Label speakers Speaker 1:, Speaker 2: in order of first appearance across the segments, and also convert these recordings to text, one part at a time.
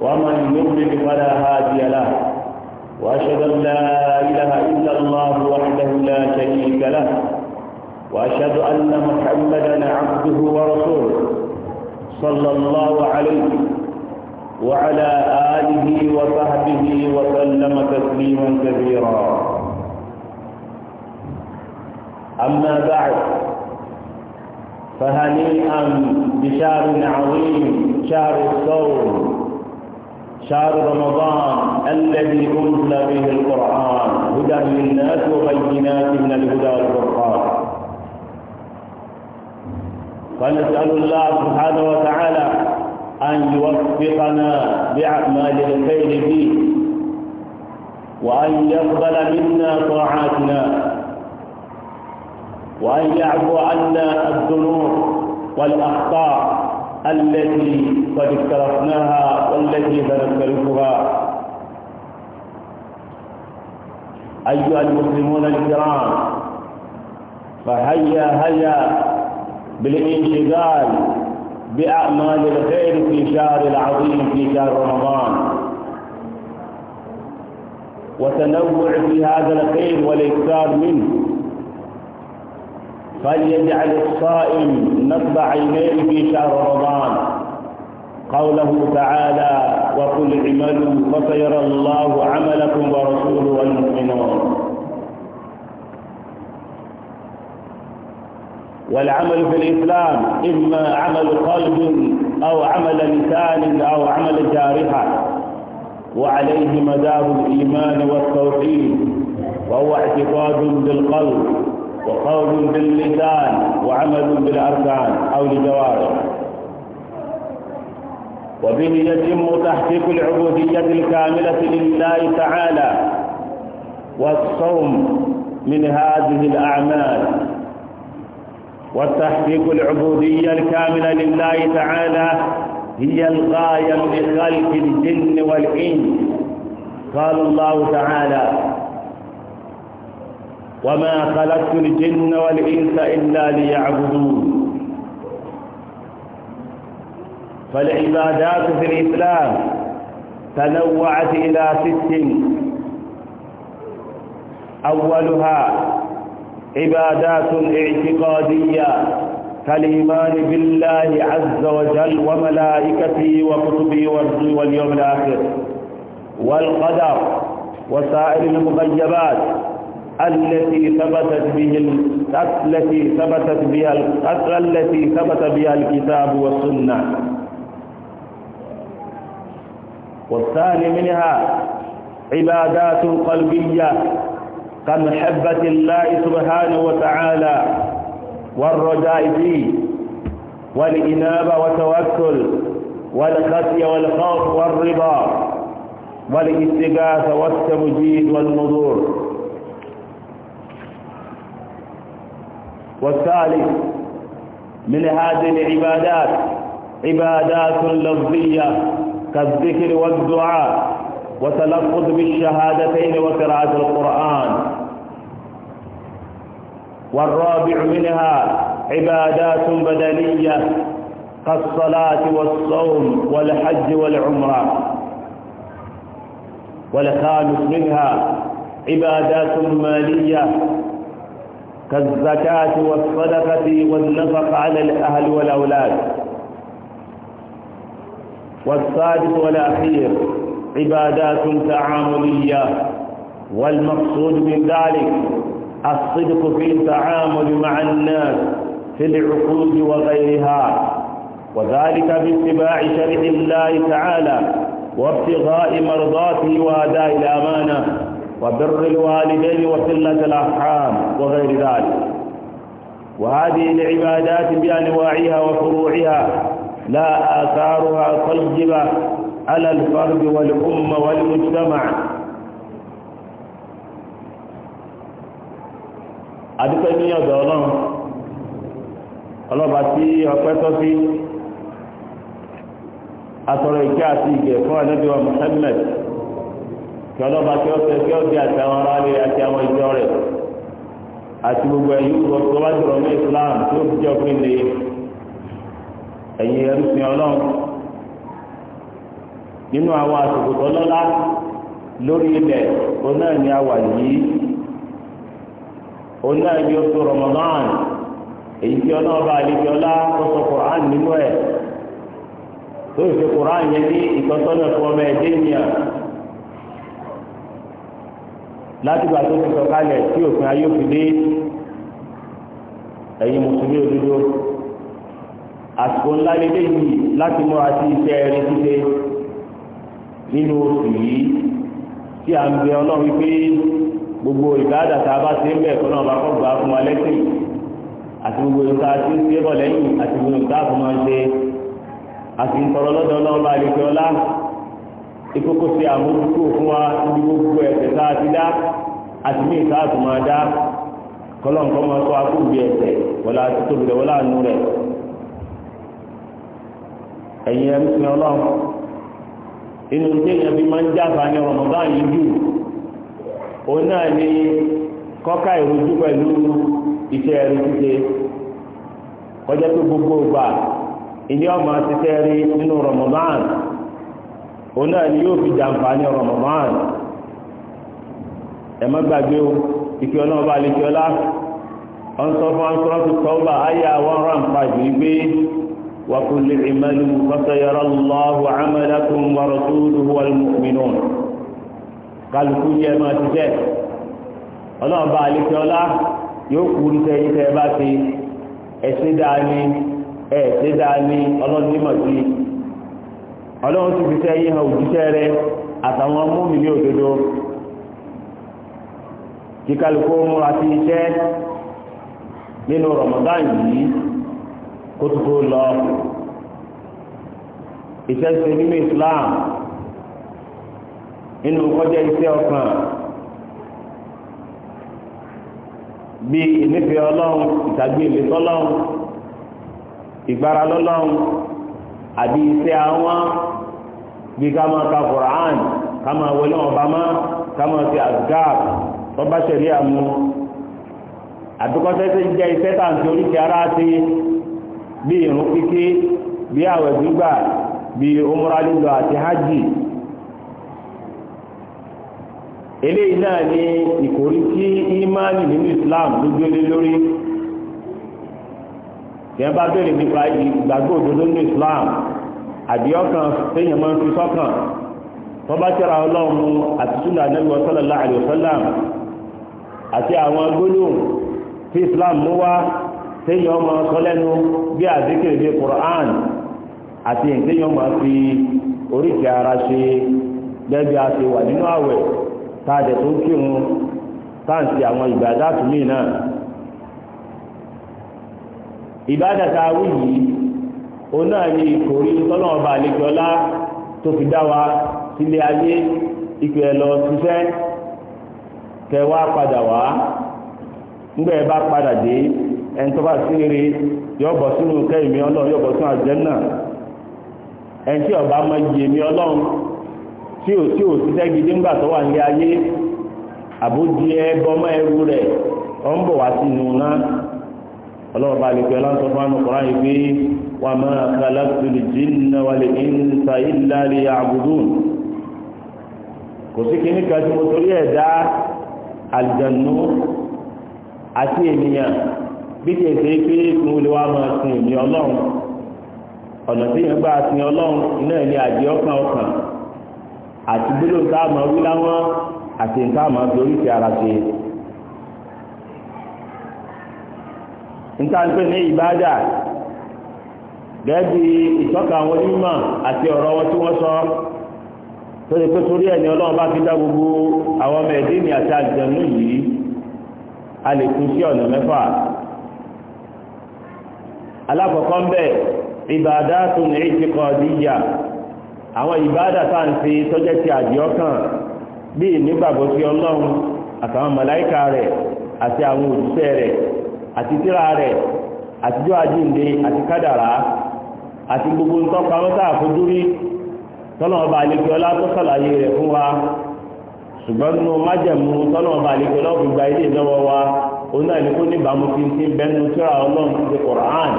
Speaker 1: ومن يضلل فلا هادي له وأشهد أن لا إله إلا الله وحده لا شريك له وأشهد أن محمدا عبده ورسوله صلى الله عليه وعلى آله وصحبه وسلم تسليما كثيرا أما بعد فهنيئا بشهر عظيم شهر الصوم شهر رمضان الذي أنزل به القرآن هدى للناس وبينات من الهدى والفرقان فنسأل الله سبحانه وتعالى أن يوفقنا بأعمال الخير فيه وأن يقبل منا طاعاتنا وأن يعفو عنا الذنوب والأخطاء التي قد اقترفناها والتي سنقترفها أيها المسلمون الكرام فهيا هيا بالانشغال بأعمال الخير في شهر العظيم في شهر رمضان وتنوع في هذا الخير والإكثار منه فليجعل الصائم نصب عينيه في شهر رمضان قوله تعالى وقل اعملوا فسيرى الله عملكم ورسوله والمؤمنون والعمل في الإسلام إما عمل قلب أو عمل لسان أو عمل جارحة وعليه مدار الإيمان والتوحيد وهو اعتقاد بالقلب وقول باللسان وعمل بالأركان أو الجوارح وبه يتم تحقيق العبودية الكاملة لله تعالى والصوم من هذه الأعمال وتحقيق العبودية الكاملة لله تعالى هي الغاية لخلق الجن والإنس قال الله تعالى وما خلقت الجن والإنس إلا ليعبدون فالعبادات في الإسلام تنوعت إلى ست أولها عبادات اعتقادية كالإيمان بالله عز وجل وملائكته وكتبه واليوم الآخر والقدر وسائر المغيبات التي ثبتت به التي ثبتت بها التي ثبت بها الكتاب والسنة والثاني منها عبادات قلبية كمحبة الله سبحانه وتعالى والرجاء فيه والإنابة والتوكل والخشية والخوف والرضا والاستغاثة والتمجيد والنذور والثالث من هذه العبادات عبادات لفظية كالذكر والدعاء وتلفظ بالشهادتين وقراءة القرآن والرابع منها عبادات بدنية كالصلاة والصوم والحج والعمرة والخامس منها عبادات مالية كالزكاة والصدقة والنفق على الأهل والأولاد والسادس والأخير عبادات تعاملية والمقصود من ذلك الصدق في التعامل مع الناس في العقود وغيرها وذلك باتباع شرع الله تعالى وابتغاء مرضاته واداء الامانه وبر الوالدين وصلة الأرحام وغير ذلك وهذه العبادات بأنواعها وفروعها لا آثارها طيبة على الفرد والأمة والمجتمع adúpẹ́ يا ọ̀dọ̀ الله ọlọ́ba tí ọpẹ́ tọ́ sí atọ̀rọ̀ kí tí ó tẹ kí di àti ati àti àwọn ìjọ rẹ̀ àti gbogbo ẹ̀yìn ìwọ tó bá jọrọ ní Islam tó fi jẹ́ òfin lè ẹ̀yìn ẹrúsìn Ọlọ́run nínú àwọn àsìkò tó lọ́lá lórí ilẹ̀ ni a wà yìí òun náà oṣù Ramadan èyí tí ọlọ́ọ̀bá àlejò ọlá ó sọ Quran nínú ẹ̀ láti gbà tó ti sọ kálẹ̀ tí òfin ayé òfin dé ẹ̀yin mùsùlùmí òdodo àsìkò ńlá lédè yìí láti múra sí iṣẹ́ rẹ nínú oṣù yìí tí a ń bẹ ọlọ́run wípé gbogbo ìbáàdà tá a bá ṣe ń bẹ̀ kọ́ náà kọ́ gbà fún wa lẹ́sìn àti gbogbo nǹkan tí ń ṣe bọ̀ lẹ́yìn àti gbogbo nǹkan àfọmọ́ ṣe àti ń tọrọ ìkókó sí àmójútó fún wa ní gbogbo ẹ̀ṣẹ̀ tá a ti dá àti ní ìta àtùmọ̀ dá kọlọ́nkọ́ máa sọ akóbi ẹ̀ṣẹ̀ wọlá títóbi rẹ̀ wọlá àánú rẹ̀ ẹ̀yin ẹ̀rú sin ọlọ́run inú tí èèyàn fi máa ń jáfa ní Ramadan yìí jù òun náà ní kọ́ka ìrojú pẹ̀lú iṣẹ́ ẹ̀rí ṣíṣe kọjá tó gbogbo gbà ìní ọmọ àti iṣẹ́ ẹ̀rí nínú Ramadan òun náà ni yóò fi jàǹfààní Ramadan ẹ má gbàgbé o ìfẹ́ ọlọ́run bá lè fi ọlá wọ́n sọ fún akọ́rọ́ ti tọ́ bá àyà wọn rán pàjù gbé wa kullu i'malu fasayara Allahu 'amalakum ọlọ́run sì fi sẹ́yìn hàn òjíṣẹ́ rẹ̀ àtàwọn múmi ní òdodo kí kálukú múra ike iṣẹ́ nínú Ramadan yìí kó tó tó lọ iṣẹ́ ṣe nínú Islam nínú kọjá iṣẹ́ ọkàn bí ìnífẹ̀ẹ́ ọlọ́run ìtàgbé ìlẹ́tọ́ ìgbára lọ́lọ́run àbí iṣẹ́ àwọn. bí ká máa ka Quran ká máa wọlé ọba má ká máa fi asgab tọ́ba ṣẹ̀rí àmú àtúkọ́sẹ́sẹ́ jẹ́ iṣẹ́ tàǹtí oríṣi ara ti bí irun kíkí bí àwẹ̀ gbígbà bí umra lílọ àti hajj eléyìí náà ni ìkórí tí nínú Islam ló gbélé lórí tí wọ́n bá bẹ̀rẹ̀ nípa ìgbàgbọ́ òdodo nínú Islam àdìọ́kan téèyàn máa ń fi sọ́kàn tó bá tẹ́ra ọlọ́run àti súnà Ànábì sallallahu alaihi àti àwọn gbólóhùn tí Islam mú wá téèyàn ọmọ sọ bí àdékèrè bí Qur'an àti téèyàn fi ara ṣe gẹ́gẹ́ bí a wà nínú àwẹ̀ táàdẹ̀ tó ń kírun táǹtì àwọn òun náà ni ìkórí tọ́lọ́wọ́n bá àlejò ọlá tó fi dá wa sílé ayé ìpè ẹ̀ ṣiṣẹ́ kẹ padà wá ńgbẹ́ ẹ bá padà dé ẹni tó bá sí rí yọ bọ̀ sínú kẹ́yìmí ọlọ́run yọ sínú àjẹ́nà ẹni tí ọba mọ yìí وما خلقت الجن والإنس إلا ليعبدون كوسيكي نيكا تي موتوري ادا الجنو àti ènìyàn bí kì í ṣe pé kí ọ̀nà tí yẹn gbà sin Ọlọ́run náà ní àdé ọkàn ọkàn àti a máa wí àti nǹkan àmọ́ ara ṣe nǹkan pé ní gẹ́gẹ́ ìtọ́ka àwọn onímọ̀ àti ọ̀rọ̀ wọn tí wọ́n sọ tó lè pé torí ẹ̀ ní ọlọ́run bá fi dá gbogbo àwọn ọmọ ẹ̀dín ní àti àjẹmú yìí a lè kú sí ọ̀nà mẹ́fà alákọ̀ọ́kọ́ ń bẹ̀ ìbàdá tó ní ìtìkọ̀ọ́díyà àwọn ìbáàdà tá à ń fi tọ́jẹ́ ti àdìọ́kàn bí ìnígbàgbọ́ sí ọlọ́run àtàwọn màláíkà rẹ̀ àti àwọn òjíṣẹ́ rẹ̀ àti tírà rẹ̀ àtijọ́ àjíǹde àti kádàrá àti gbogbo ntọ́pamọ́ tá a fojú rí tọ́lọ̀ ọba àlejò ọlá tó sàlàyé rẹ̀ fún wa ṣùgbọ́n nínú májẹ̀mú tọ́lọ̀ ọba àlejò ọlá òfin gba ilé ìdánwò wa òun náà ní ìbámu fi ń ti ọlọ́run ti di Qur'an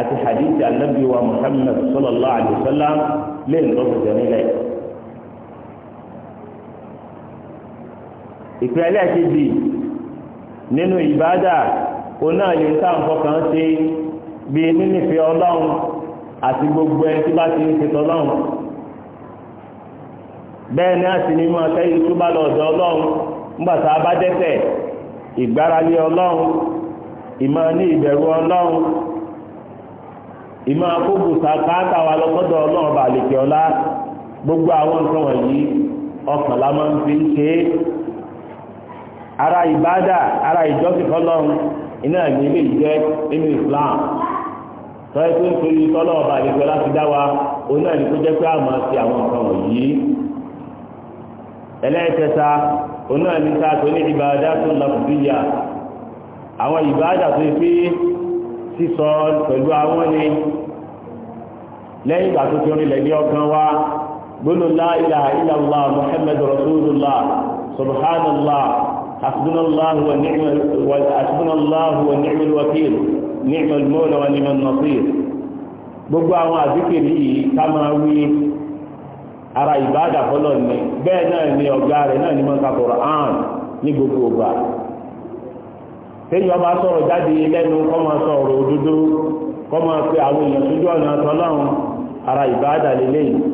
Speaker 1: àti hadith anabi wa Muhammad sallallahu alayhi wa sallam lè ń lọ́kùn jẹ nílẹ̀. ìpínlẹ̀ kejì nínú ìbádà òun náà lè ń ká ṣe bíi nínífẹ̀ẹ́ ọlọ́run àti gbogbo ẹni tí bá ti ń ṣètò ọlọ́run bẹ́ẹ̀ ni a sì ní lọ ọ̀dọ̀ ọlọ́run nígbà tá a bá ìgbáralé ọlọ́run ìmọ̀ ní ìbẹ̀rù ọlọ́run ìmọ̀ akókò sàkáàtà wa ọlọ́run gbogbo àwọn nǹkan wọ̀nyí ọkàn la máa ń fi ara ìbádà ara iná ìgbélé nínú Islam sọ́yẹ́ tó ń torí tọ́lọ́ ọba àdìgbò láti dá wa òun náà ní kó jẹ́ pé àmọ́ ti àwọn nǹkan wọ̀nyí. ẹlẹ́ẹ̀kẹta òun náà ní ká tó ní ìbáradá tó ń lọ́kùn bí yà àwọn ìbáradá tó pé sísọ pẹ̀lú àwọn ni lẹ́yìn ìgbà tó ti orin lẹ́gbẹ́ ọkàn wa gbólóńlá ilaha Allah muhammadu rasulullah subhanallah حسبنا الله ونعم حسبنا الله ونعم الوكيل نعم المولى ونعم النصير gbogbo awọn azikiri yìí ká máa ara ìbáàdà fọlọ ni bẹ́ẹ̀ na ni ọ̀gá na náà ni wọn ka gbogbo ọgbà téèyàn bá sọ̀rọ̀ jáde lẹ́nu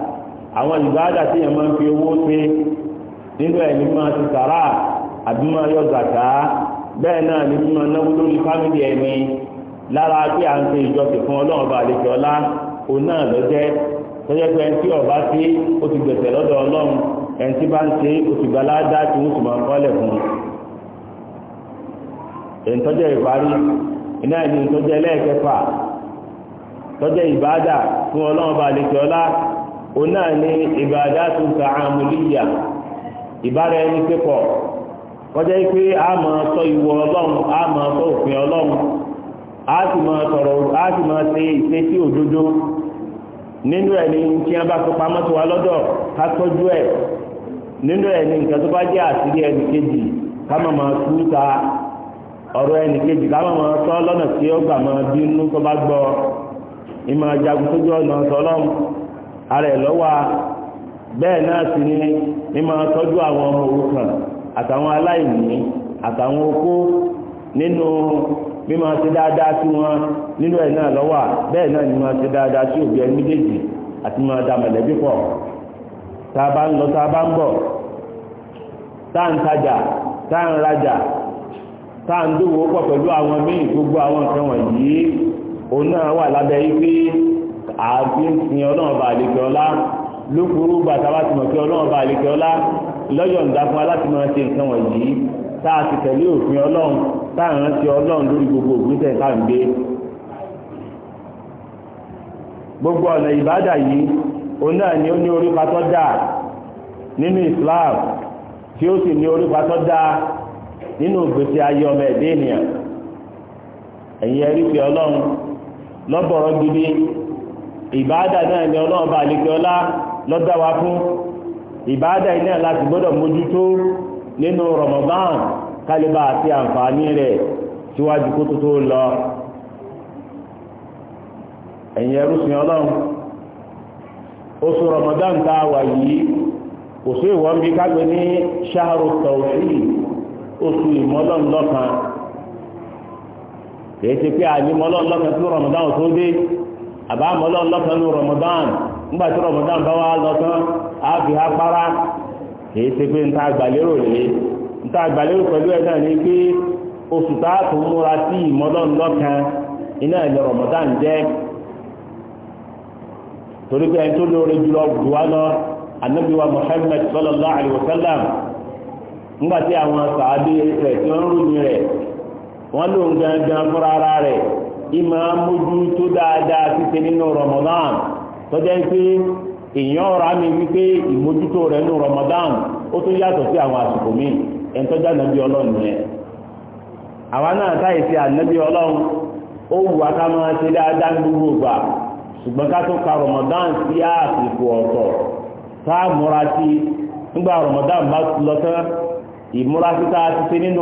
Speaker 1: àwọn ìbáàdà tí yẹn máa ń fi owó pé nínú ẹ̀mí máa ti sàrà àbí máa yọ zàkà bẹ́ẹ̀ náà ní mímọ náwó lórí fámìlì ẹni lára pé à ń ṣe ìjọsìn fún ọlọ́run bá àlejò ọlá òun náà lọ́jẹ́ tọ́jọ́ pé ẹni tí ọba sí ó ti gbẹ̀sẹ̀ lọ́dọ̀ ọlọ́run ẹni tí bá ń ṣe ó ti gbà ládá tí wọ́n sì máa ń kọ́lẹ̀ fún un. èyí tọ́jọ́ ìparí iná ẹni tọ́jọ́ ẹlẹ́ẹ̀kẹfà tọ́jọ́ ìbáàdà fún ọlọ́run bá àlejò ọlá o náà ní ìbádàtù tààmùlíyà ìbára ẹni pépọ̀ kọjá a ma sọ ìwọ ọlọ́run a ma sọ ofin a ti ma sọ̀rọ̀ a sì máa ṣe ìṣe ododo. ninu nínú ẹ̀ ní kí wọ́n bá fi pamọ́ sí wa lọ́dọ̀ ká tọ́jú ẹ̀ nínú ẹ̀ ní ka ma ma ta ara ẹ̀ lọ́wọ́ bẹ́ẹ̀ náà sì ni mímọ tọ́jú àwọn ọmọ òrukàn àtàwọn aláìní àtàwọn okó nínú mímọ̀ ṣe dáadáa sí wọn nínú ẹ̀ náà lọ́wọ́ bẹ́ẹ̀ ni dáadáa sí òbí ẹni àti ń lọ àti ìsìn ọlọ́run bá àlejò ọlá bá mọ̀ ọlọ́run bá ọlá lọ́yọ̀ ṣe nǹkan wọ̀nyí ti tẹ̀lé òfin ọlọ́run ọlọ́run lórí gbogbo ògbésẹ̀ tá à ń gbé. gbogbo ọ̀nà ìbádà yìí òun náà ni ó ní nínú Islam tí ó sì ní ìbáàdà náà ni ọlọ́ọ̀bá àlejò ọlá lọ́dá wa fún ìbáàdà iná láti gbọ́dọ̀ mójútó nínú Ramadan kálíbà àti àǹfààní rẹ̀ síwájú kó tó tó lọ ẹ̀yin ẹrúsìn ọlọ́run oṣù Ramadan tá a wà yìí kò sí ìwọ́n bí kágbé ní ṣáàrù tọ̀ọ̀sì Ramadan tó ba b'a lọ́kàn ní Ramadan nígbà tí Ramadan bá wà á fi nta lè nta pẹ̀lú pé oṣù a tún múra sí ìmọ́lọ́run lọ́kàn iná ẹ̀ Ramadan jẹ́ torí pé ẹni tó lóore jùlọ lọ nígbà tí àwọn sàádé rẹ̀ tí wọ́n rú rẹ̀ wọ́n lóun ìmọ̀ amójú tó dáadáa títẹ nínú Ramadan jẹ́ pé èèyàn ọ̀rọ̀ àmì wípé ìmójútó rẹ̀ nínú Ramadan ó tún yàtọ̀ sí àwọn àsìkò míì ẹ̀ ń tọ́jà nàbí ọlọ́run yẹn àwa náà táyì sí ànábì ọlọ́run ó wù wá ká máa ṣe dáadáa gbogbo ìgbà ṣùgbọ́n ká ka sí àsìkò ọ̀tọ̀ tá a múra sí nígbà ti ṣe nínú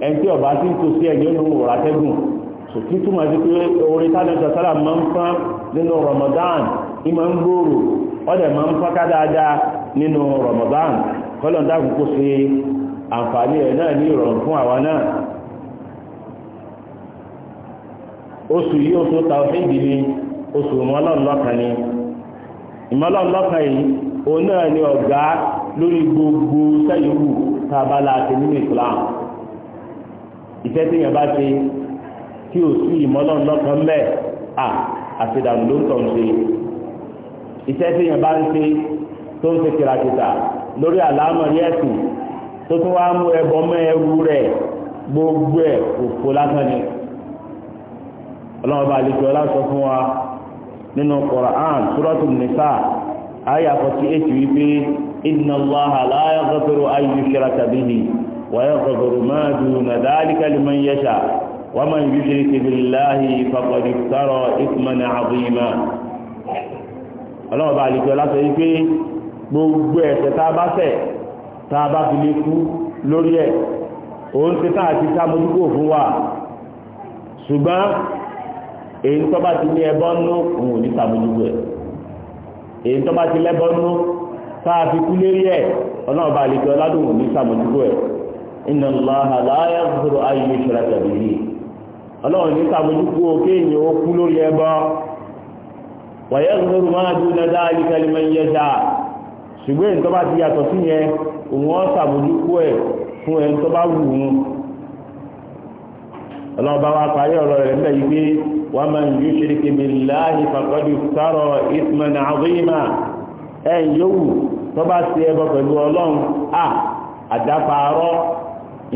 Speaker 1: ẹni tí ọba ti ń tó sí ẹ̀yìn olówó ràtẹ́gùn so kí túmọ̀ sí pé orin tánà sọ̀tàlà ma ń fán nínú Ramadan ní ma ń gbòòrò ọ̀dẹ̀ máa ń fọ́ká dáadáa nínú Ramadan kọ́lọ̀ kó àǹfààní ẹ̀ náà ní ìrọ̀rùn fún àwa náà oṣù yìí oṣù tàwọ́fíìdì ni oṣù mọ́lọ́lọ́kan ni ìmọ́lọ́lọ́kan ìfẹ́ tí yẹn bá ṣe tí ò sí ìmọ́lọ́ lọ́kàn mẹ́ à àṣedànù ló ń tọ̀ ń ṣe ìfẹ́ tí yẹn bá ń ṣe tó ń ṣe kìràkìtà lórí àlámọ̀ ní ẹ̀sìn tó tún wá mú ẹbọ mọ́ ẹrú rẹ̀ gbogbo ẹ̀ òfò lásán ni ọlọ́run bá lè fi ọlá sọ fún wa nínú Qur'an Suratul Nisa àyà 48 wípé inna Allaha la yaghfiru an yushraka bihi ويغفر ما دون ذلك لمن يشاء ومن يشرك بالله فقد افترى إثما عظيما ọlọ́run bá lè fi ọlá sọ wípé gbogbo ẹ̀ṣẹ̀ tá a bá ṣẹ̀ tá a bá fi lè kú lórí ẹ̀ òun ti tá àti tá mojúkò fún wa ṣùgbọ́n èyí tó bá ti ní ẹbọ òun ò ní ta mojúkò ẹ̀ èyí tó bá ti lẹ́bọ nú fi kú lérí ẹ̀ ọlọ́run bá lè fi ní ta mojúkò ẹ̀ inna Allaha la yaghfiru an yushraka bihi ọlọ́run ní sàmójúkú òkè èèyàn ó kú lórí ẹbọ wa yaghfiru ma duna dhalika liman yasha ṣùgbọ́n èyí tó ti yàtọ̀ sí yẹn òun ó sàmójúkú ẹ̀ fún ẹni tó bá wù ú ọlọ́ọ̀bá wa wa man yushrik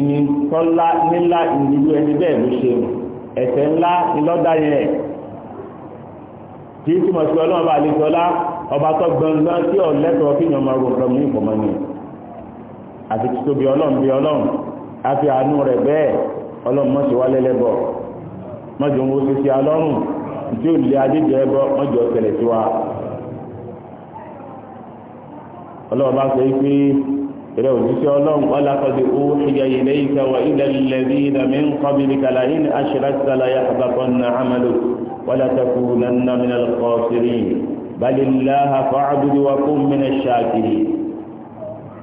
Speaker 1: ìnìtọ́lá nílá ìrìnlú ẹni bẹ́ẹ̀ ló ṣe ẹ̀ṣẹ̀ ńlá ìlọ́dá yẹn kí túmọ̀ sí ọlọ́run bá lè tọ́lá ọba tó gbọ̀ngàn tí ò lẹ́tọ̀ọ́ kí èèyàn máa ro nǹkan mú àti títóbi ọlọ́run bí ọlọ́run fi àánú ìrẹ́ òjíṣẹ́ ọlọ́run ọlákọ̀dé owó ṣìyà ilẹ̀ ìkà wà ilẹ̀ lẹ́bí ìdàmí ń kọ́bìlì kàlà ní aṣíráṣàlá yà àbàkọ́ na àmàlò wàlátàkù nànà mìíràn kọ́sìrì balilá àfọ́àbùdí wa kún mìíràn ṣáàkiri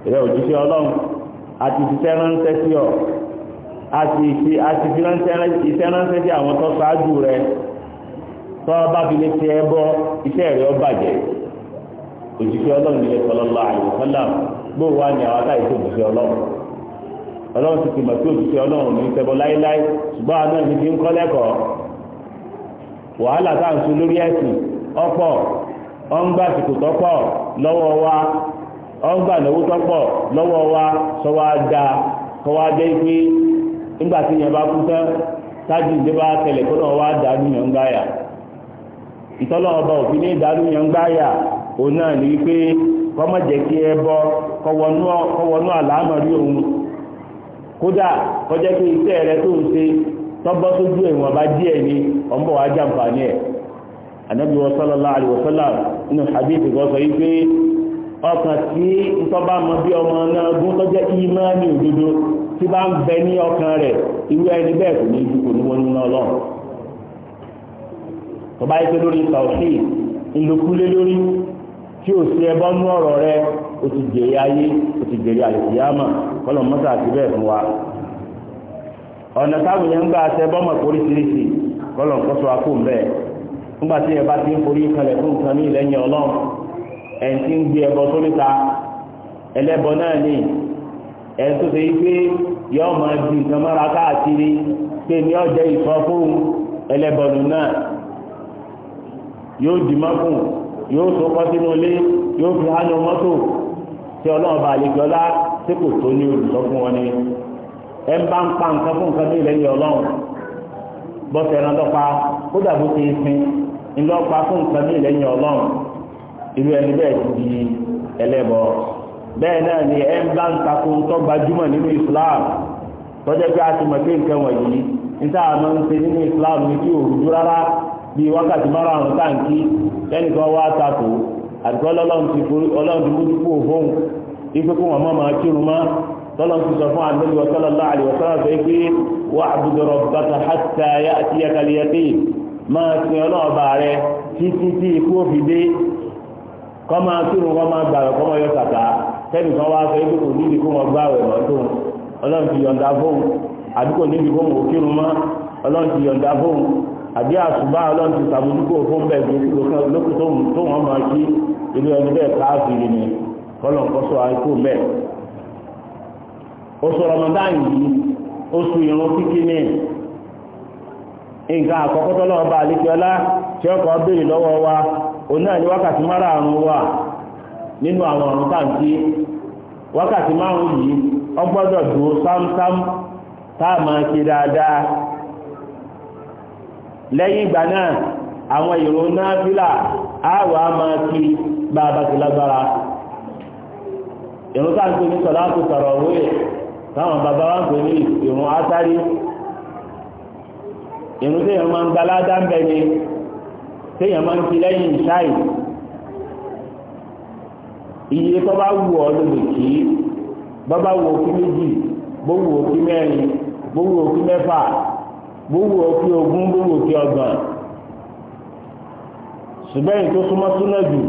Speaker 1: ìrẹ́ òjíṣẹ́ ọlọ́run àti ìfisẹ́ ránṣẹ́ sí ọ àti ìfisẹ́ ránṣẹ́ sí àwọn tó ṣáájú bóò wá ní àwọn táyì tó bùsẹ̀ ọlọ́run ọlọ́run ti tìmọ̀ tó bùsẹ̀ ọlọ́run ní tẹ́bọ̀ láíláí ṣùgbọ́n àwọn ní fi ń kọ́ lẹ́kọ̀ọ́ wàhálà tá à ń sun lórí ẹ̀sìn ọ̀pọ̀ ọ̀ngbà tọ́pọ̀ lọ́wọ́ wa ọ̀ngbà náwó tọ́pọ̀ wa sọ da kọ́ pé tí yẹn bá kú tán sáájú ìdí bá kó ọba òfin ní yẹn ń gbáyà òun náà kọmọ jẹ́ kí ẹ bọ́ kọwọ́nú kódà kọjá pé iṣẹ́ rẹ tó ń ṣe tó sójú ìwọ̀n bá díẹ̀ ni ọmọ wa ẹ̀ ànábì sallallahu alaihi wasallam nínú hadith ọkàn tí ntọ́ba mọ bí ọmọ náà gún tọ́jẹ́ òdodo tí bá ń bẹ ní ọkàn rẹ̀ tí o sí ẹbọ nú ọrọ rẹ o ti jèrè ayé o ti jèrè àlùkìyàmà kọlọ mọta àti bẹ́ẹ̀ fún wa ọ̀nà táwọn yẹn ń gbà ṣe bọ́mọ̀ oríṣiríṣi kọlọ ń kọ́sọ́ akó ń bẹ́ẹ̀ nígbà tí ẹ bá ti ń forí kalẹ̀ fún nǹkan ní ìlẹ́yìn ọlọ́run ẹ̀ ń ti ń gbé ẹbọ sóríta ẹlẹ́bọ náà ni ẹ̀ ń tó ṣe yí pé yọ máa di nǹkan mọ́ra káàkiri pé ní ọ̀jẹ̀ ìfọ́ yóò tó kọ́ sínú ilé yóò fi hánú mọ́tò tí ọlọ́run bá àlejò ọlá tí kò tó ní olùsọ fún wọn ni ẹ ń bá ń pa nǹkan fún nǹkan bíi lẹ́yìn ọlọ́run bọ́sẹ̀ ẹran lọ́pa kó dàbó ti sin ńlọ́pa fún nǹkan bíi lẹ́yìn ọlọ́run irú ẹni bẹ́ẹ̀ ti di ẹlẹ́bọ bẹ́ẹ̀ náà ni ẹ ń bá ń takò tó gbajúmọ̀ nínú Islam tọ́jọ́ pé a ti mọ̀ pé nǹkan wọ̀nyí níta àmọ́ ń ṣe nínú Islam ní kí òrùjú rárá bíi wákàtí mara ún táǹkì lẹ́nìkan wá takò àdúgbò ọlọ́run ku mójú kú òfóun ipe kó wọn mọ́ máa kírun mọ́ tọ́lọ́n ti sọ fún àdúgbò ọ̀sọ́lọ́lá àlùwọ̀sọ́lá fẹ́ pé wà àbúdọ̀rọ̀ bàtà hàtà àti yakaliyate máa sin ọlọ́ọ̀bà rẹ tii. tí ikú òfin dé kọ́ máa kírun kọ́ máa gbàrọ̀ kọ́ àbí àṣùbá ọlọ́run ti sàmójúkò fún bẹ́ẹ̀ lókè tó wọ́n máa kí ilé ẹni bẹ́ẹ̀ káàkiri ni kọ́lọ̀ kọ́sọ́ àìkú bẹ́ẹ̀. oṣù ramadan yìí oṣù ìrun kíkí ni nǹkan àkọ́kọ́ tó béèrè lọ́wọ́ wa òun náà ní wákàtí márààrún wà nínú àwọn ọ̀run wákàtí márùn yìí ọgbọ́dọ̀ dùn sámsám táà máa ṣe dáadáa lẹ́yìn ìgbà náà àwọn ìrun náfílà àwọ̀ a máa kí bá a bá ti lágbára ìrun táà ń pè ní sọ̀láàtù sọ̀rọ̀ òwe táwọn bàbá wa ń pè ní ìrun ásárí ìrun téèyàn máa ń gba ládá ń bẹ ni téèyàn ń iye tó bá wù ọ́ ló lè kí bọ́ bá wù gbogbo òfin ogun gbogbo òfin ọgbọ̀n ṣùgbọ́n tó súnmọ́ súnmọ́ jù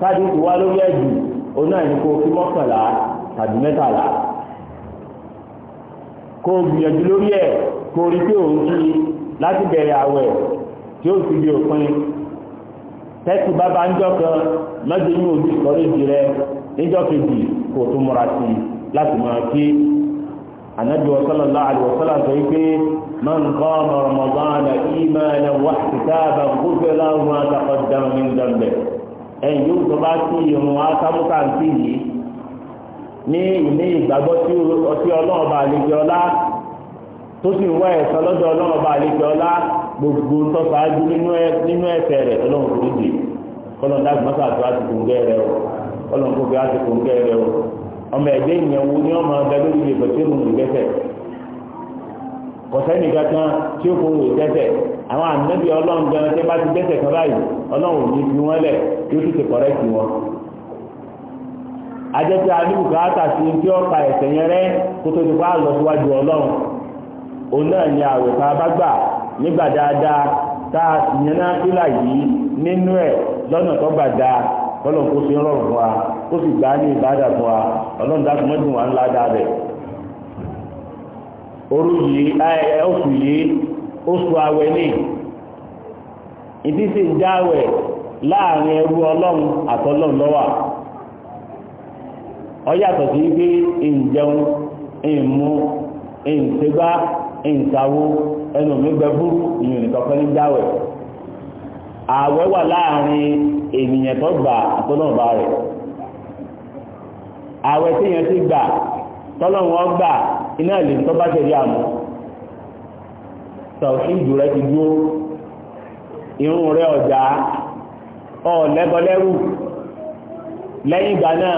Speaker 1: káàdì ti wá lórí ẹ̀jù òun náà mọ́kànlá tàbí mẹ́tàlá kó gbìyànjú lórí ẹ̀ kó rí pé òun kí láti bẹ̀rẹ̀ àwẹ̀ tí ó fi di òpin bàbá ń jọ́kan rẹ níjọ́ kejì láti máa kí من قام رمضان إيمانا واحتسابا غفر له ما تقدم من ذنبه ẹ̀yìn yóò tó bá sí irun akámúkàǹtì yìí ní ìní ìgbàgbọ́ tí ọlọ́ọ̀bà àlejò ọlá tó sì wá ẹ̀sọ́ ọlọ́ọ̀bà àlejò ọlá gbogbo tó nínú rẹ̀ ọlọ́run kò ní kọ́lọ́n dá o kò fi o ọmọ ẹ̀dẹ́ ìyẹn wo kọ̀sẹ́nì kankan tí ó fowó dẹ́sẹ̀ àwọn ànábì ọlọ́run gan tẹ́ bá ti dẹ́sẹ̀ kan báyìí ọlọ́run ní fi wọ́n lẹ̀ tí ó sì ti kọ̀rẹ́tì wọn. alúgbò tí ó pa ẹ̀sẹ̀ yẹn rẹ́ kó tó ti pa lọ síwájú ọlọ́run òun náà ni àwẹ̀ bá gbà nígbà dáadáa tá a sì yẹn náà yìí nínú ẹ̀ lọ́nà tó gbà dáa kó Oru yìí eh, eh, yìí oṣù àwẹ̀ ní ìdí sì láàrin ẹrú ọlọ́run àtọlọ́run lọ́wà ó sí pé ìjẹun ìmú ìṣègbà ìṣàwó ẹnu mi gbẹ fún ní jáwẹ̀ àwẹ̀ wà láàrin ènìyàn tó gbà àtọlọ́run bá rẹ̀ àwẹ̀ tí yẹn ti iná ìlè tó bá tẹ̀lé àmọ́ sọ̀rọ̀ ìjù rẹ ti dúró irun rẹ ọ̀já ọ̀ lẹ́bọlẹ́rù lẹ́yìn ìgbà náà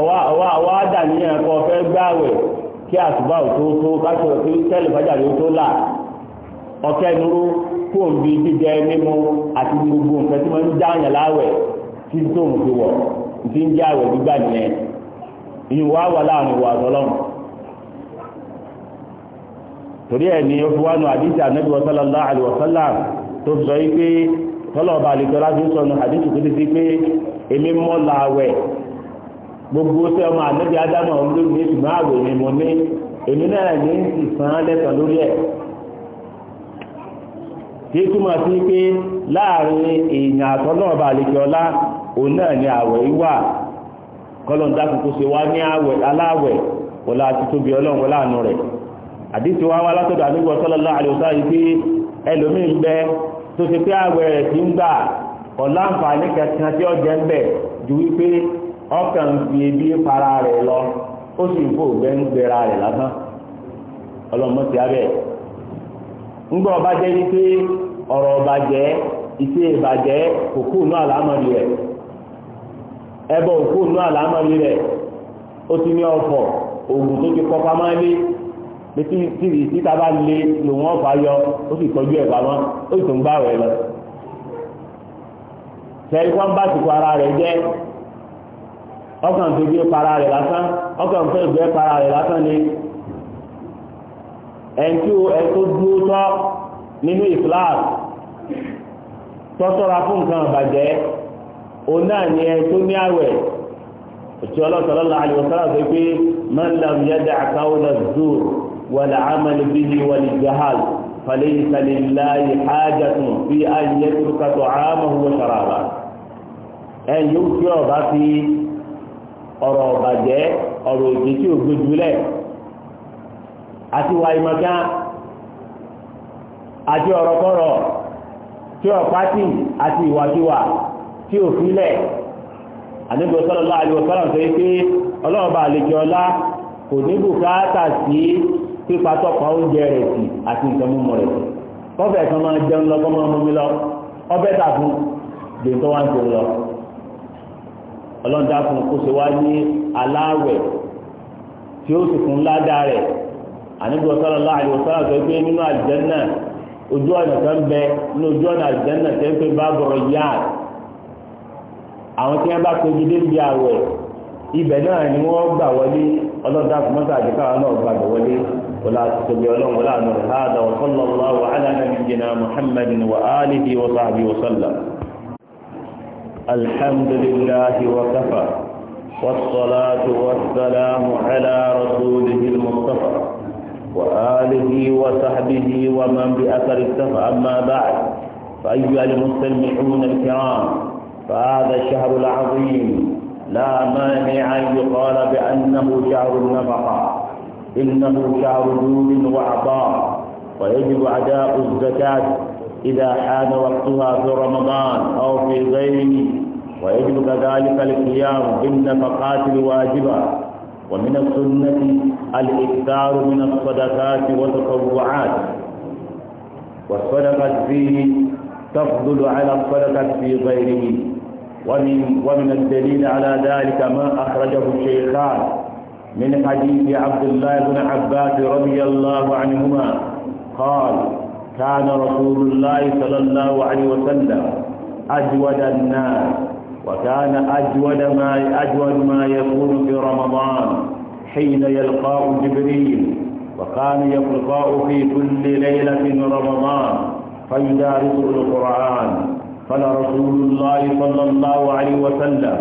Speaker 1: ọwá ọwá ọwá dàníyàn kọ fẹ́ gbáwẹ̀ kí àtúbà ò tó tó káṣọ pé tẹ́lẹ̀ ó tó ọ̀kẹ́ bi torí ẹ̀ ni ó fi wánu àdíṣẹ́ ànábì sallallahu alaihi wasallam tó sọ yí pé tọ́lọ̀ọ̀bà àlejò láti ń sọnù àdíṣẹ́ kúrò sí pé èmi mọ́ la àwẹ̀ gbogbo tí ọmọ ànábì ádámù ọ̀hún ló ní ìtumọ̀ àwẹ̀ ni mo ní èmi náà ní ìsàn àdìsí wa wá látọ̀dọ̀ àdúgbò sọ́lọ́lá àlùsá yìí pé ẹlòmíín bẹ tó ṣe pé àwẹ̀ rẹ̀ ti ń gbà ọ̀la àǹfààní kẹsàn-án tí ó jẹ́ ń bẹ̀ ju wípé ọkàn fi ebi para rẹ̀ lọ ó sì ń fò gbẹ́ ń gbéra rẹ̀ lásán ọlọ́mọ ti abẹ́ ńgbọ́ ọba jẹ́ wípé ọ̀rọ̀ ọba jẹ́ pé tíbi títa bá lé lòun ọ̀fà yọ ó sì tọ́jú ẹ̀ pamọ́ ó sì tún gbà wẹ̀ lọ. sẹ́yìn wọ́n bá ti kọ ara rẹ̀ jẹ́ ọkàn tó gbé para rẹ̀ lásán ọkàn tó gbé para rẹ̀ lásán ni ẹ̀ntí o ẹ̀tọ́ dúró tọ́ nínú Islam tọ́tọ́ra fún nǹkan àbàjẹ́ o náà ni ẹ̀tọ́ ní àwẹ̀ òtí ọlọ́tọ̀lọ́lá àlèwọ̀sára sọ pé man lam yada' qawla az-zur والعمل به والجهال فليس لله حاجة في أن يترك طعامه وشرابه ẹn yóò fi ọba fi ọ̀rọ̀ ọ̀bàjẹ́ ọ̀rọ̀ òjì tí ò gbójúlẹ̀ àti wà ìmọ̀ká àti ọ̀rọ̀kọ̀rọ̀ tí ò pátì àti ìwàkiwà tí ò fílẹ̀ àníbò sọ́lọ́lá àlùwọ̀sọ́lọ́ sọ ọlọ́ọ̀bà àlejò ọlá kò ní bùkátà sí pípa tọ́pa oúnjẹ rẹ̀ sí àti nǹkan mímu rẹ̀ sí kọ́fẹ̀ kan máa jẹun lọ kọ́ máa mú mi lọ ọbẹ̀ tà fún dèntọ́ wá ń tó lọ ọlọ́dà fún kó ṣe wá ní aláwẹ̀ tí ó sì fún ládàá rẹ̀ àníbi ọ̀sọ́rọ̀ láàrin ọ̀sọ́rọ̀ tó gbé nínú àlùjánnà ojú ọ̀nà tó ń bẹ ní ojú ọ̀nà àlùjánnà tó ń pè bá bọ̀rọ̀ yáà àwọn tí wọ́n bá kojú dé bí àwẹ̀ ibẹ̀ náà ni wọ́n gbà wọlé ọlọ́dà fún mọ́tò àdìkà náà gbà wọlé ولا تصلي لهم ولا نور هذا وصلى الله على نبينا محمد وآله وصحبه وسلم الحمد لله وكفى والصلاة والسلام على رسوله المصطفى وآله وصحبه ومن بأثر اكتفى أما بعد فأيها المستمعون الكرام فهذا الشهر العظيم لا مانع أن يقال بأنه شهر النفقة إنه شهر جود وعطاء ويجب أداء الزكاة إذا حان وقتها في رمضان أو في غيره ويجب كذلك القيام بالنفقات الواجبة ومن السنة الإكثار من الصدقات والتطوعات والصدقة فيه تفضل على الصدقة في غيره ومن, ومن الدليل على ذلك ما أخرجه الشيخان من حديث عبد الله بن عباس رضي الله عنهما قال كان رسول الله صلى الله عليه وسلم أجود الناس وكان أجود ما أجود ما يكون في رمضان حين يلقاه جبريل وكان يلقاه في كل ليلة من رمضان فيدارسه القرآن فلرسول الله صلى الله عليه وسلم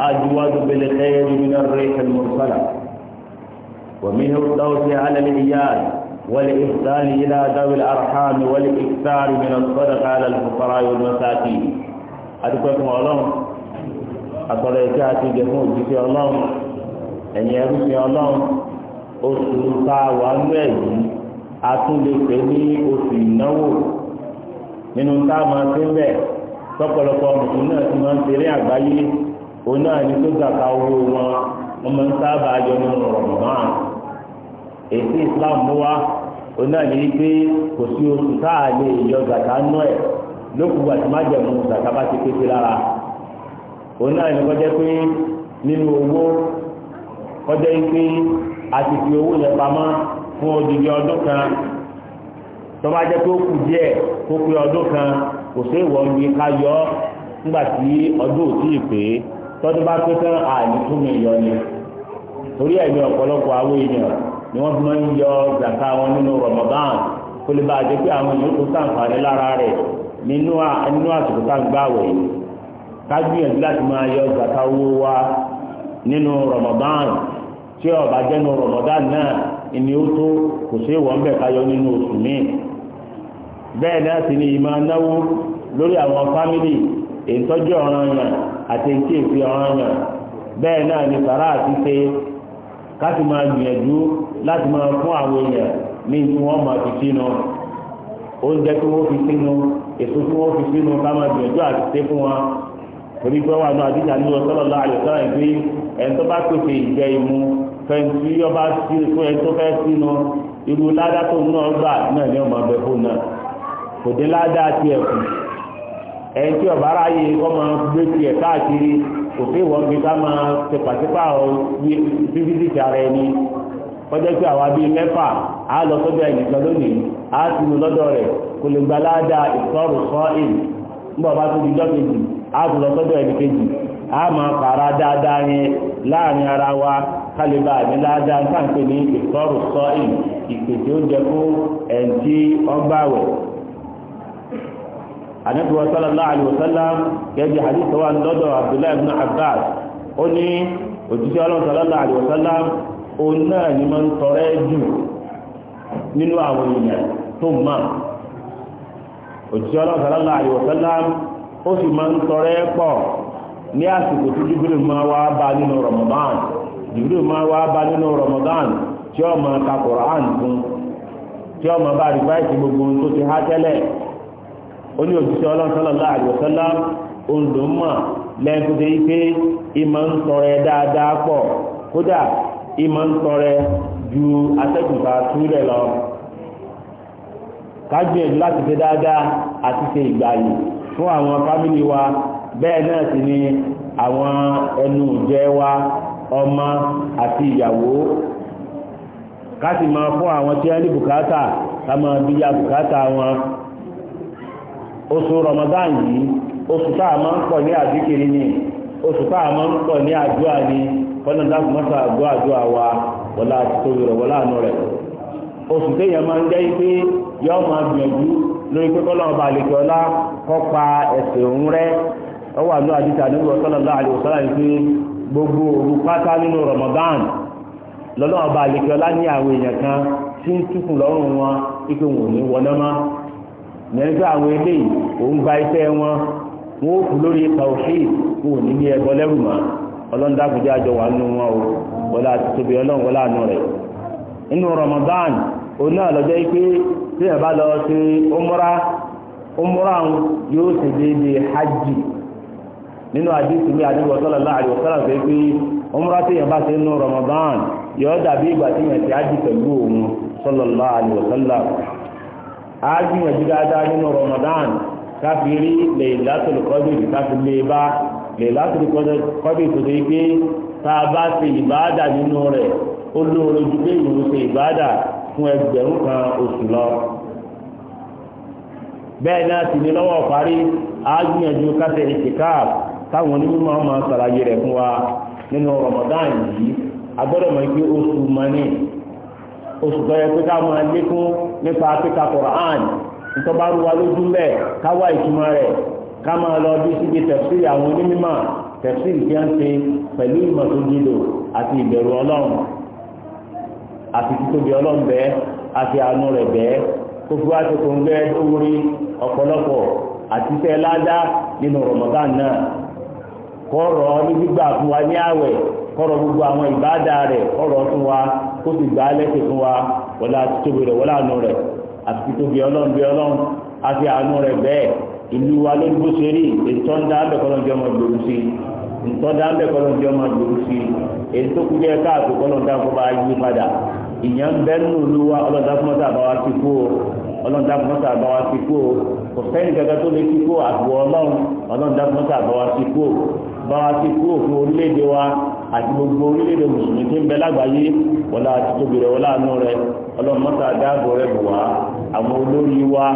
Speaker 1: أجود بالخير من الريح المرسله ومنه الضوء على العيال والإحسان إلى ذوي الأرحام والإكثار من الصدقة على الفقراء والمساكين أتكلم الله أتولى إكاتي جفون جفي الله أن يرسي الله oṣù ta wà ń bẹ̀ yìí a tún lè pè ní oṣù ìnáwó nínú tá a máa ṣe bẹ̀ tọ̀pọ̀lọpọ̀ mùsùlùmí náà ti máa ń ṣeré àgbáyé òun náà ní tó gbàgbà owó wọn wọn máa ń sábà yọ nínú rọ̀mọ̀mọ́ èsì islam mú wa òun náà ní pé kò sí oṣù tá a lè yọ zàkà nú ẹ̀ lókùú àti májẹ̀mú zàkà bá ti pété lára òun náà ní kọjá pé nínú owó kọjá pé a ti fi owó yẹn fún odidi ọdún kan tọba bá pé ó kù díẹ̀ kó kan kò sí ìwọ ní ká yọ ọ́ nígbà tí ọdún ò tí ì pé bá pé tán àìní fún mi yọ ni wọ́n fi máa ń yọ zaka wọn nínú Ramadan kó lè bá a jẹ́ pé àwọn yòókù sàǹfààní lára rẹ̀ nínú àsìkò sàǹgbàwẹ̀ yìí ká láti máa yọ zaka owó wa nínú tí ọba jẹ́nu Ramadan náà ìní ó tó kò sí wọ́n bẹ̀ ká yọ nínú oṣù míì bẹ́ẹ̀ náà sì ni ìmọ̀ náwó lórí àwọn fámìlì èyí tọ́jú àti èyí tí èyí fi bẹ́ẹ̀ náà káti máa gbìyànjú láti máa fún àwọn èèyàn ní tí wọ́n máa fi sínú oúnjẹ tí wọ́n fi sínú èso tí wọ́n fi sínú ká máa gbìyànjú àti ṣe fún wọn torí pé wà náà àdìsá ní ọ̀sọ́lọ̀ láàyè sọ́ra ẹ̀ pé tó bá pèsè ìjẹ ìmu fẹ̀ǹtì ọba fún ẹ̀ tó fẹ́ sínú irú ládá tó ń náà gbà náà ní ọmọ fún náà kò dé ládá tiẹ̀ kù tí ọ̀bára yìí kọ́ máa gbé tiẹ̀ kò sí ìwọ̀n bí ká máa ṣe pàṣípà fífíìsì ara ẹni kọjá pé àwa bíi mẹ́fà á lọ sọ́dọ̀ ẹnìkan lónìí á ti lu lọ́dọ̀ rẹ̀ kò lè gba ládàá ìtọ́rù sọ́ọ̀ìn nígbà bá tó di dọ́kejì á ti lọ sọ́dọ̀ ẹnìkejì á máa pààrà dáadáa yẹn láàrin ara wa kálíbà ní ládàá ń tàǹpé ní ìtọ́rù sọ́ọ̀ìn ìpèsè oúnjẹ fún ẹ̀ǹtí ọgbàwẹ̀ anabi wa sallallahu alayhi wa sallam gẹ́gẹ́ hadith wa lọ́dọ̀ abdullahi ibn abbas ó ní òjíṣẹ́ ọlọ́run sallallahu alayhi wa sallam òun náà ni máa ń tọrẹ jù nínú àwọn èèyàn tó mọ̀ òjíṣẹ́ ọlọ́run sallallahu alayhi wa sallam ó sì máa ń tọrẹ pọ̀ ní àsìkò tí jibril máa wá bá nínú ramadan jibril máa wá bá nínú ramadan tí ó máa ka quran fún tí ó máa bá rìbáìtì gbogbo tó ti há tẹ́lẹ̀ ó ní òjíṣẹ́ ọlọ́run sallallahu alaihi wasallam olùmọ̀ lẹ́gbẹ̀ẹ́ ike ìmọ̀ ń tọrẹ dáadáa pọ̀ kódà ìmọ̀ ń tọrẹ ju atẹ́gùnfà túlẹ̀ lọ kájúyèjú láti ṣe dáadáa àti ṣe ìgbàyè fún àwọn fámìlì wa bẹ́ẹ̀ náà sì ni àwọn ẹnu jẹ́ wa ọmọ àti ìyàwó ká sì máa fún àwọn tí wọ́n ní bùkátà ká máa bíyà bùkátà wọn oṣù Ramadan yìí oṣù táà máa ń pọ̀ ní àdíkiri ni oṣù táà máa ń pọ̀ ní ni kọ́nà mọ́ta àdúrà àdúrà wa wọlá àtúntò rẹ̀ wọlá àánú rẹ̀ oṣù téèyàn máa ń jẹ́ pé yọ́ máa gbìyànjú lórí pé kọ́lọ́ ọba àlejò kọ́pa ẹ̀sẹ̀ òun rẹ̀ ọwọ́ àdúrà àdíta gbogbo òru pátá nínú Ramadan ọba àlejò ní àwọn èèyàn kan tí ń lọ́rùn wọn wọn yẹn tó àwọn eléyìí òun gba iṣẹ́ wọn wọn ó kú lórí tawhid wọn ò ní ní ẹbọ lẹ́rù mọ́ ọlọ́ńdàkùnjẹ́ àjọ wà nínú wọn o wọlé àti tóbi ọlọ́run wọlé àánú rẹ̀ inú Ramadan òun náà lọ́jọ́ yìí pé tí ẹ̀ bá lọ sí umra umra yóò sì déédéé hajj nínú àdìsí mi àdìwọ̀ sọ́lá láàrin ọ̀sọ́lá fẹ́ pé umra tí ẹ̀ sí inú Ramadan yóò dàbí ìgbà tí ẹ̀ ágbìyànjú dáadáa nínú Ramadan káfí rí Laylatul Qadr káfí lè bá Laylatul Qadr tó ṣe pé ta a bá ṣe ìbáàdà nínú rẹ̀ ó lóore ju pé ìlú se ìbáàdà fún ẹgbẹ̀rún kan oṣù lọ wa oṣù tó yẹ pé ká máa lékún nípa kíka Quran ìtọ́ba ruwa lójú mbẹ́ ká wá ìtumọ̀ rẹ̀ ká máa lọ bí síbi tẹ̀síì àwọn onímọ̀ tẹ̀síì kí wọ́n ṣe pẹ̀lú ìmọ̀ tó jìlò àti ìbẹ̀rù ọlọ́run àti títóbi ọlọ́run bẹ́ẹ̀ àti àánú rẹ̀ bẹ́ẹ̀ kó fi wá ṣe kó ń gbẹ́ ọ̀pọ̀lọpọ̀ àti tẹ́ ládá nínú Ramadan náà kọ́ rọ̀ ní gbígbà fún wa ní àwẹ̀ kọ́rọ̀ gbogbo àwọn ìbáàdà rẹ̀ kọ́rọ̀ fún wa kó sì gbà á lẹ́sẹ̀ fún wa wọlé àtútóbi rẹ̀ wọlé àánú rẹ̀ àti tóbi ọlọ́run bí ọlọ́run á fi àánú rẹ̀ bẹ́ẹ̀ ìlú wa lórí bó ṣe rí ètò ńdá ń bẹ̀ kọ́ lọ́njọ́ ọmọ ìgbòho sí ìtọ́ ńdá ń bẹ̀ kọ́ lọ́njọ́ ọmọ ìgbòho sí èyí tó kú jẹ́ káàtó kọ́ lọ́njọ́ bá yí padà ìyẹn ń bẹ́ nínú ìlú wa ọlọ́dà fúnmọ́tà bá wa ti kú o ọlọ́dà fúnmọ́tà bá wa ti kú o kò sẹ́ni kankan tó lè ti kú àbú ọlọ́run ọlọ́dà fúnmọ́tà bá wa ti kú o bá wa ti kú o fún orílẹ̀-èdè wa àti gbogbo orílẹ̀-èdè mùsùlùmí tí ń bẹ lágbàáyé wọlá àti tóbi rẹ̀ wọlá àánú rẹ̀ ọlọ́mọ́ta dáàbò rẹ̀ bù wá àwọn olórí wa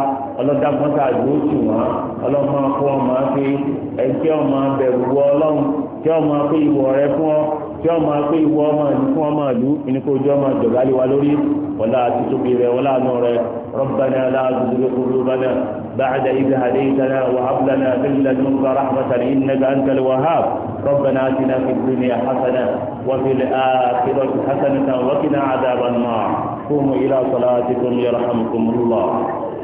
Speaker 1: ọlọ́dàgbọ́ta àgbò tì wọ́n ọlọ́mọ akọ ọmọ aké ẹgbẹ́ ọmọ abẹ̀rù wọ ọlọ́run tí ọmọ aké ìwọ rẹ fún ọ tí ọmọ aké ìwọ ọmọ ìlú fún ọmọ ìlú ìníkojú ọmọ ìjọba lé wa lórí wọlá àti wọlá àánú rẹ̀ rọ́bàdàn aláàbò بعد إذ هديتنا وهب لنا من لدنك رحمة إنك أنت الوهاب ربنا آتنا في الدنيا حسنة وفي الآخرة حسنة وقنا عذاب النار قوموا إلى صلاتكم يرحمكم الله